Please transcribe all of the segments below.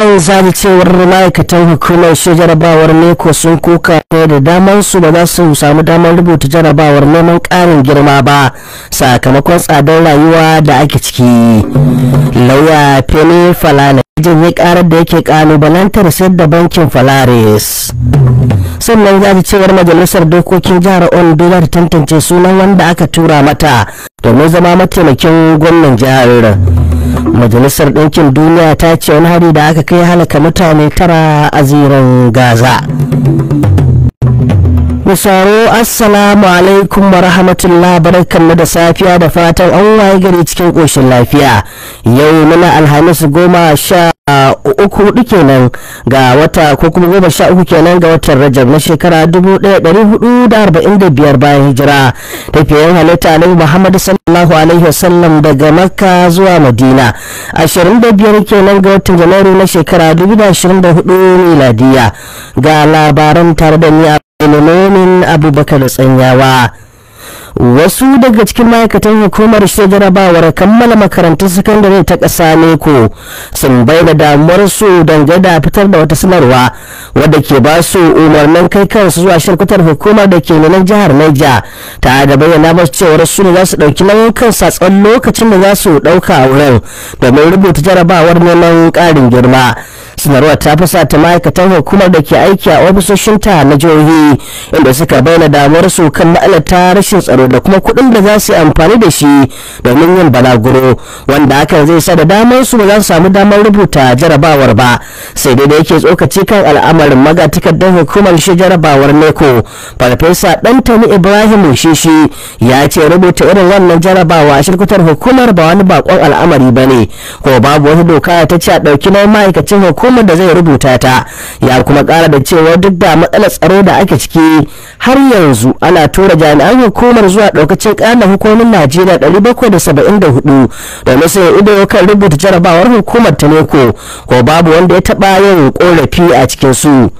an zaɓi cewar ma'aikatan hukumar shi jarabawar neko sun kuka ta da damar su ba za su samu damar rubuta jarabawar neman ƙarin girma ba sakamakon tsadar rayuwa da ake ciki lauya fene falana janye ƙarar da yake kalubalantar sayar da bankin falaris sannan ya ji cewar majalisar dokokin jihar ondo za ta tantance sunan wanda aka tura mata domin zama mataimakin gwamnan jihar majalisar ɗinkin duniya ta ce wani hari da aka kai halaka mutane tara a zirin gaza musaro assalamu alaikum wa rahmatullah barkanmu da safiya da fatan an waye gari cikin ƙoshin lafiya yau muna alhamis goma sha uku hudu kenan ga wata ko kuma goma sha uku kenan ga watan rajab na shekara dubu daya dari hudu da arba'in da biyar bayan hijira tafiyan halitta alaihi muhammad sallallahu alaihi wasallam daga makka zuwa madina ashirin da biyar kenan ga watan janairu na shekara dubu da ashirin da hudu miladiya ga labaran tare da ni a abubakar tsanyawa wasu daga cikin ma'aikatan hukumar shirya jarabawar kammala makarantun sakandare ta ƙasa ko sun bayyana damuwar su dange da fitar da wata sanarwa wadda ke ba su umarnin kai kansu zuwa shirkutar hukumar da ke nan jihar Niger ta da bayyana masu cewa su ne za su ɗauki nauyin kansu tsawon lokacin da za su ɗauka wurin domin rubuta jarabawar neman ƙarin girma sanarwar ta fusa ta ma'aikatan hukumar da ke aiki a ofisoshin ta na jihohi inda suka bayyana damuwar su kan ta rashin tsaro da kuma kuɗin da za su yi amfani da shi domin yin balaguro wanda hakan zai sa da damar su ba za su samu damar rubuta jarabawar ba sai dai da yake tsokaci kan al'amarin magatakardar hukumar shi jarabawar neko farfesa ɗantami ibrahim shishi ya ce rubuta irin wannan jarabawa a shirkutar hukumar ba wani bakon al'amari ba ne ko babu wata doka ta ce a ɗauki na ma'aikacin hukumar al'ummar da zai rubuta ta ya kuma kara da cewa duk da matsalar tsaro da ake ciki har yanzu ana tura jami'an hukumar zuwa daukacin ƙananan hukumomin najeriya 774 domin sai ido kan rubuta jarabawar hukumar ta neko ko babu wanda ya taɓa yin korafi a cikin su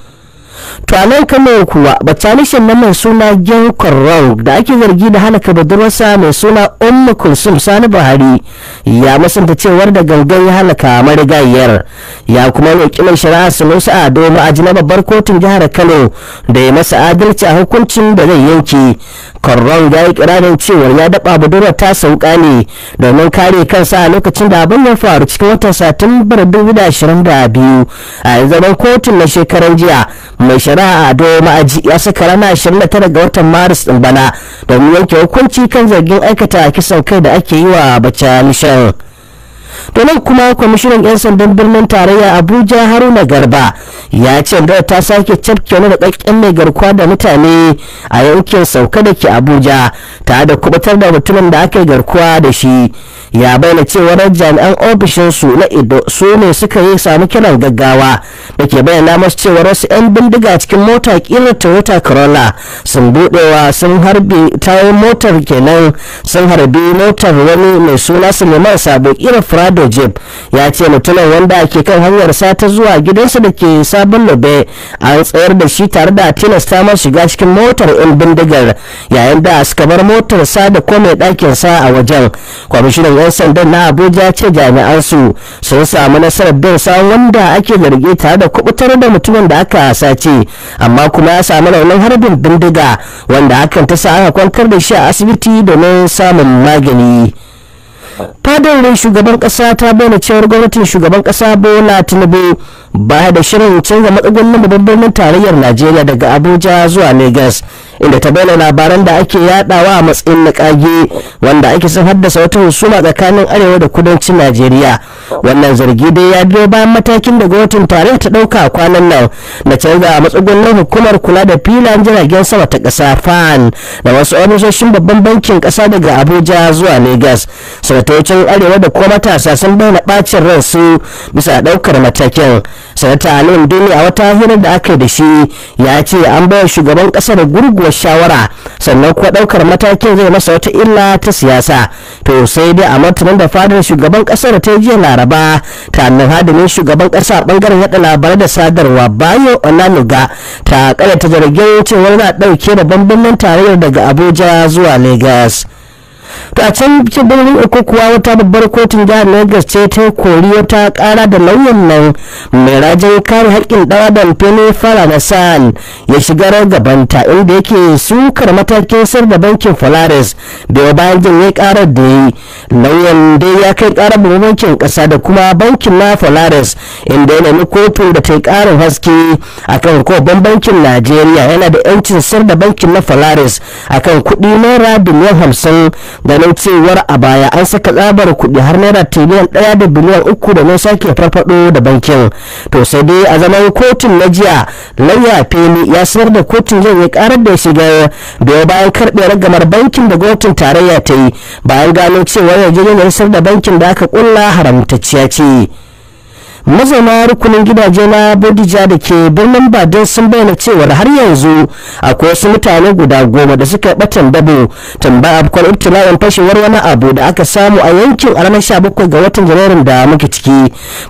to a nan kamar kuwa battalishin na mai suna gen kwarau da ake zargi da halaka budurwarsa mai suna umma kulsum sani buhari ya musanta cewar da gangan ya halaka marigayiyar ya kuma roƙi mai shari'a a ado a na babbar kotun jihar kano da ya masa adalci a hukuncin da zai yanke kwarau ya yi kiranin cewar ya daɓa budurwar ta sauka ne domin kare kansa a lokacin da abin ya faru cikin watan satumbar 2022 a zaman kotun na shekaran jiya mai shari'a a ma'aji ya saka rana 29 ga watan maris din bana domin yanke hukunci kan zargin aikata kisan kai da ake yi wa bacha to nan kuma kwamishinan 'yan sandan birnin tarayya abuja haruna garba ya ce da ta sake cafke wani rikakken mai garkuwa da mutane a yankin sauka da ke abuja ta da kubutar da mutumin da aka garkuwa da shi ya bayyana cewar jami'an ofishinsu na ido su ne suka yi samu kiran gaggawa da ke bayyana masu cewar wasu 'yan bindiga cikin mota kila toyota corolla sun budewa sun harbi tayoyin motar kenan sun harbi motar wani mai suna suleiman sabo kira firado bojib ya ce mutumin wanda ake kan hanyar sa ta zuwa gidansa da ke sabon lobe an tsayar da shi tare da tilasta ma shiga cikin motar yan bindigar yayin da suka bar motar sa da kome ɗakin sa a wajen kwamishinan yan sandan na abuja ce jami'an su sun samu nasarar bin sa wanda ake zargi tare da kubutar da mutumin da aka sace amma kuma ya samu raunin harbin bindiga wanda hakan ta sa aka kwantar da shi a asibiti domin samun magani fadar shugaban kasa ta bayyana cewar gwamnatin shugaban kasa bola tinubu baya da shirin canza matsagun na babban birnin tarayyar najeriya daga abuja zuwa lagos inda ta bayyana labaran da ake yadawa a matsayin na kage wanda ake sun haddasa wata husuma tsakanin arewa da kudancin najeriya wannan zargi dai ya biyo bayan matakin da gwamnatin tarayya ta dauka kwanan nan na canza a matsugunnan hukumar kula da filan jiragen sama ta kasa fan da wasu ofisoshin babban bankin kasa daga abuja zuwa lagos sanatocin arewa da kuma matasa sun bayyana bacin ransu bisa daukar matakin sanata alin dole a wata hirar da aka da shi ya ce an bayar shugaban kasar gurguwa wannan shawara sannan kuma ɗaukar matakin zai masa wata illa ta siyasa to sai dai a martanin da fadar shugaban ƙasar ta jiya laraba ta annan hadimin shugaban ƙasa bangaren yada labarai da sadarwa bayo onanuga ta ta zargin cewa na ɗauke da bambamin tarayyar daga abuja zuwa legas. to a can birnin uku kuwa wata babbar kotun jihar lagos ce ta kori wata kara da lauyan nan mai rajin kare haƙƙin ɗan adam fene fara san ya shiga gabanta inda yake sukar matakin sir da bankin folaris da ya bayan jin ya kara da yi lauyan dai ya kai kara da bankin ƙasa da kuma bankin na folaris inda ya nemi kotun da ta yi karin haske akan babban bankin najeriya yana da 'yancin sir da bankin na folaris akan kuɗi naira biliyan hamsin da nan cewar a baya an saka tsabar kuɗi har naira tiliyan ɗaya da biliyan uku da nan sake farfaɗo da bankin to sai dai a zaman kotun na jiya lauya feli ya sanar da kotun zai ya karar da shiga da bayan karɓe ragamar bankin da gwamnatin tarayya ta yi bayan gano cewa yarjejeniyar sayar da bankin da aka ƙulla haramtacciya ce. mazauna rukunin gidaje na bodija da ke birnin badin sun bayyana cewar har yanzu akwai wasu mutane guda goma da suka batan dabo tambaya abokan ibtila'in fashewar wani abu da aka samu a yankin a ranar 17 ga watan janairun da muke ciki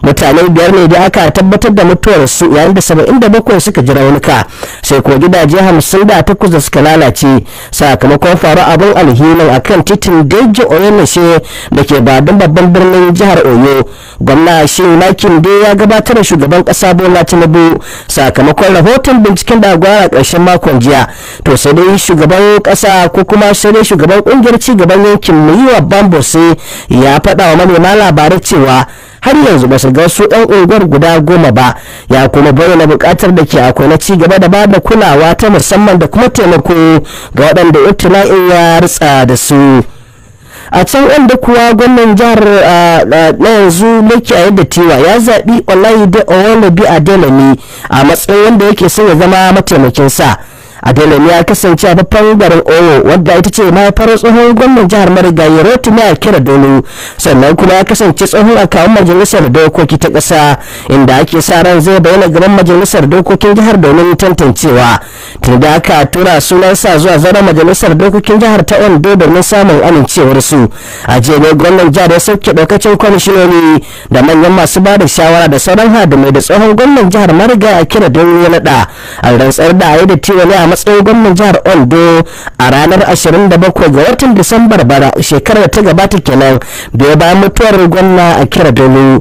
mutane biyar ne da aka tabbatar da mutuwar su yayin da 77 suka ji raunuka sai ko gidaje 58 da suka lalace sakamakon faru abin alhinin kan titin deji oyemishe da ke badin babban birnin jihar oyo gwamna shi makin ondo ya gabatar da shugaban kasa bola tinubu sakamakon rahoton binciken da gwara karshen makon jiya to sai dai shugaban kasa ko kuma sai dai shugaban kungiyar gaban yankin muyiwa bambose ya faɗa wa manema labarai cewa har yanzu ba su ga su ɗan unguwar guda goma ba ya kuma bayyana buƙatar da ke akwai na ci gaba da ba da kulawa ta musamman da kuma taimako ga waɗanda ibtila'in ya ritsa da su. a can inda kuwa gwamnan jihar na yanzu lake a yadda tewa ya zaɓi olaide owolabi adelani a matsayin wanda yake so ya zama mataimakinsa adelani ya kasance a babban garin owo wadda ita ce ma fara tsohon gwamnan jihar marigayi rotu a kira dolo sannan kuma ya kasance tsohon a kawun majalisar dokoki ta ƙasa inda ake sa ran zai bayyana gaban majalisar dokokin jihar domin tantancewa to da aka tura sunansa zuwa zaren majalisar dokokin jihar ta ondo domin samun amincewar su a jere gwamnan jihar ya sauke daukacin kwamishinoni da manyan masu ba da shawara da sauran hadimai da tsohon gwamnan jihar mariga a kira don ya naɗa an rantsar da ayi da tiwani a matsayin gwamnan jihar ondo a ranar 27 ga watan disambar bara shekarar ta gabata kenan da ya bayan mutuwar gwamna a kira domin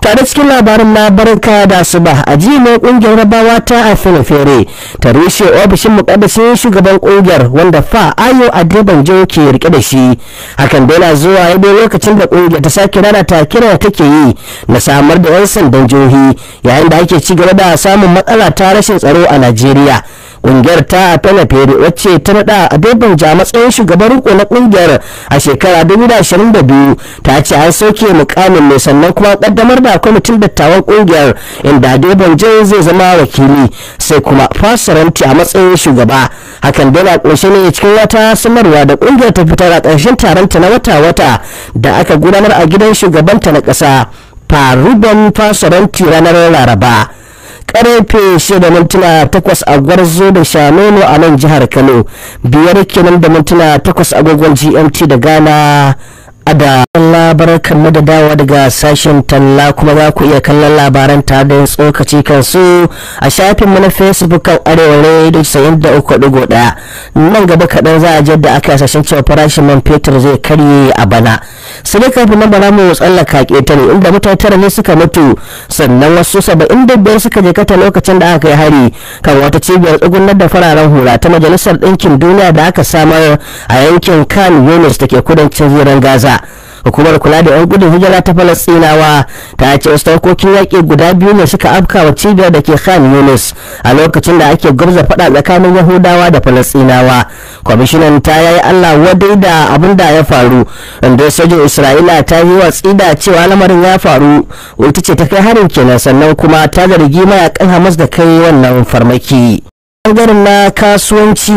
tare cikin labarin na barka da suba a ji ne kungiyar rabawa ta afin fere ta rushe ofishin mukaddasin shugaban kungiyar wanda fa ayo a adebanjo ke rike da shi hakan dai na zuwa ya lokacin da kungiyar ta sake ta kira da take yi na samar da yan sandan jihohi yayin da ake ci gaba da samun matsala ta rashin tsaro a najeriya ƙungiyar ta fere wacce ta naɗa a ja matsayin shugaban riko na kungiyar a shekara 2022 ta ce an soke mukamin ne sannan kuma ƙaddamar da kwamitin dattawan ƙungiyar inda ja zai zama wakili sai kuma fasaranti a matsayin shugaba hakan dai na ƙunshe ne cikin wata sanarwa da ƙungiyar ta fitar a ƙarshen taronta na wata-wata da aka gudanar a gidan shugabanta na ƙasa faruban fasaranti ranar laraba karfe da mintuna takwas a gwarzo da shanono a nan jihar kano biyar kenan da mintuna takwas agogon gmt da ghana da Allah barkan mu da dawa daga sashen talla kuma za ku iya kallon labaran tare da tsokaci kansu a shafin mu na Facebook kan Arewa Radio 93.1 nan gaba kadan za a da aka yi sashen cewa farashin man fetur zai karye a bana sai dai kafin nan bara mu tsallaka ƙetare inda mutane tara ne suka mutu sannan wasu 75 suka je kata lokacin da aka yi hari kan wata cibiyar tsugunar da fararen hula ta majalisar ɗinkin duniya da aka samar a yankin Khan Yunis da ke kudancin zirin Gaza. hukumar kula da 'yan gudun hijira ta falastinawa ta ce wasu tarkokin yaƙi guda biyu ne suka afka wa cibiyar da ke khan yunus a lokacin da ake gwabza faɗa tsakanin yahudawa da falastinawa kwamishinan ta yayi allah wadai da abin da ya faru inda sojin isra'ila ta yi wa tsida cewa lamarin ya faru ita ce ta kai harin kenan sannan kuma ta zargi mayakan hamas da kai wannan farmaki bangaren na kasuwanci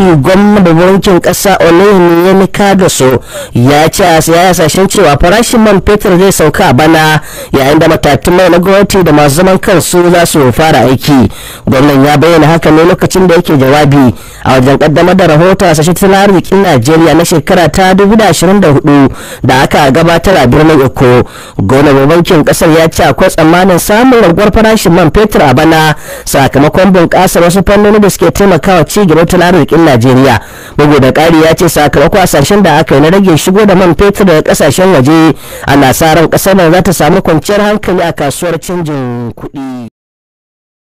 da bankin kasa olayin ya nika da su ya ce ya sashen cewa farashin man fetur zai sauka a bana yayin da matatun mai na gwamnati da masu zaman kansu za su fara aiki gwamnan ya bayyana haka ne lokacin da yake jawabi a wajen kaddamar da rahoton sashen tattalin arzikin najeriya na shekara ta 2024 da aka gabatar a birnin eko gwamnan bankin kasar ya ce akwai tsammanin samun raguwar farashin man fetur a bana sakamakon bunƙasar wasu fannoni da suke taimakawa ci gaban tattalin arzikin Najeriya. Bugu da ƙari ya ce sakamakon hasashen da aka yi na rage shigo da man fetur daga kasashen waje a nasarar ƙasar nan za ta samu kwanciyar hankali a kasuwar canjin kuɗi.